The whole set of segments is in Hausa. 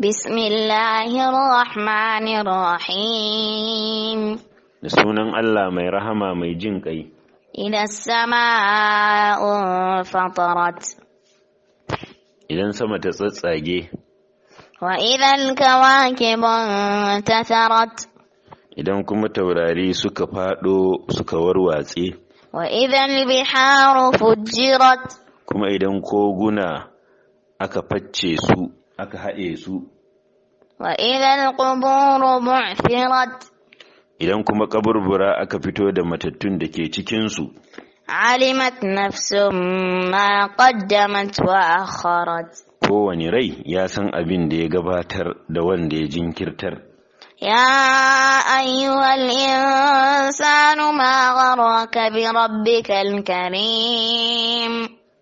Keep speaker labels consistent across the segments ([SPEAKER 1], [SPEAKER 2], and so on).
[SPEAKER 1] بسم الله الرحمن الرحيم
[SPEAKER 2] لسونا الله ما رحمة ما يجنكي
[SPEAKER 1] إذا السماء فطرت
[SPEAKER 2] إذا السماء تسساجي
[SPEAKER 1] وإذا الكواكب انتثرت
[SPEAKER 2] إذا كم توراري سكا سكفادو سكا واتي
[SPEAKER 1] وإذا البحار فجرت
[SPEAKER 2] كما إذا كوغنا أكا أكفتشي سوء aka haɗe su
[SPEAKER 1] wa idan quburu firat.
[SPEAKER 2] idan kuma ƙaburbura aka fito da matattun da ke cikinsu
[SPEAKER 1] alimat nafsun ma qaddamat wa akharat
[SPEAKER 2] kowane rai ya san abin da ya gabatar da wanda ya jinkirtar
[SPEAKER 1] يا أيها الإنسان ka bi بربك الكريم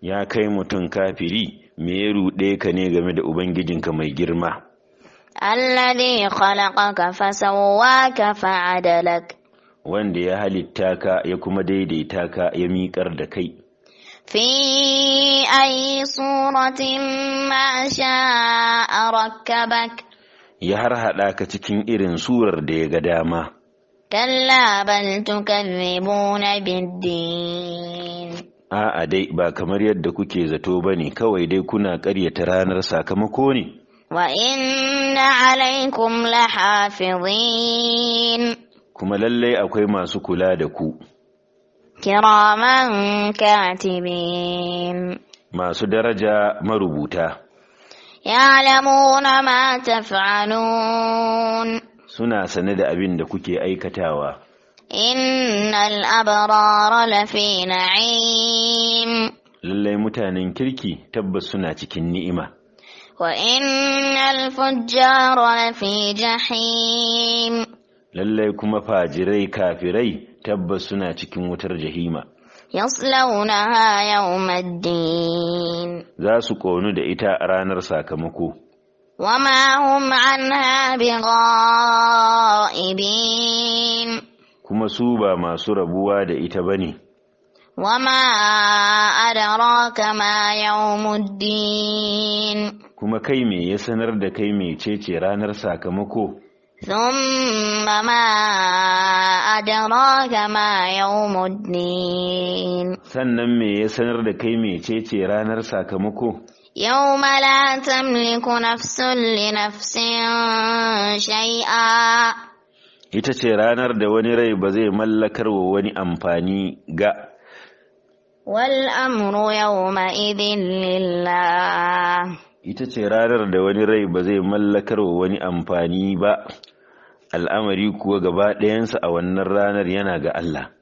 [SPEAKER 2] Ya kai mutum kafiri. me ya ruɗe ka ne game da ubangijinka mai girma
[SPEAKER 1] alladhi khalaqaka fasawwaka fa'adalak
[SPEAKER 2] wanda ya halitta ka ya kuma daidaita ka ya miƙar da kai
[SPEAKER 1] fi ayi suratin ma sha'a rakkabak
[SPEAKER 2] ya harhaɗa ka cikin irin surar da ya ga dama
[SPEAKER 1] kalla bal tukazzibuna na bindin.
[SPEAKER 2] A'a dai ba kamar yadda kuke zato ba ne kawai dai kuna ƙaryata ranar sakamako ne.
[SPEAKER 1] Wa inna alaikum lahafizin.
[SPEAKER 2] Kuma lallai akwai masu kula da ku.
[SPEAKER 1] Kiraman katibin.
[SPEAKER 2] Masu daraja marubuta.
[SPEAKER 1] Ya'lamuna ma taf'alun.
[SPEAKER 2] Suna sane da abin da kuke aikatawa.
[SPEAKER 1] In innal abrara lafi na'im
[SPEAKER 2] lallai mutanen kirki tabbas suna cikin ni'ima
[SPEAKER 1] wa innal fujjar lafi jahim
[SPEAKER 2] lallai kuma fajirai kafirai tabbas suna cikin wutar jahima
[SPEAKER 1] yaslawnaha yawmaddin
[SPEAKER 2] za su konu da ita a ranar sakamako
[SPEAKER 1] وما هم عنها بغائبين
[SPEAKER 2] kuma su ba masu rabuwa da ita ba ne.
[SPEAKER 1] Wama adaraka ma yawmuddin
[SPEAKER 2] Kuma kai me ya sanar da kai ce ranar sakamako?
[SPEAKER 1] ثم ما أدراك ما يوم الدين
[SPEAKER 2] sannan me ya sanar da kai ce ranar sakamako
[SPEAKER 1] يوم لا تملك نفس لنفس شيئا
[SPEAKER 2] ita ce ranar da wani rai ba zai mallakar wa wani amfani ga
[SPEAKER 1] wal'amuru yau ma'idin lilla.
[SPEAKER 2] ita ce ranar da wani rai ba zai mallakar wa wani amfani ba al'amari kuwa gaba ɗayansa a wannan ranar yana ga Allah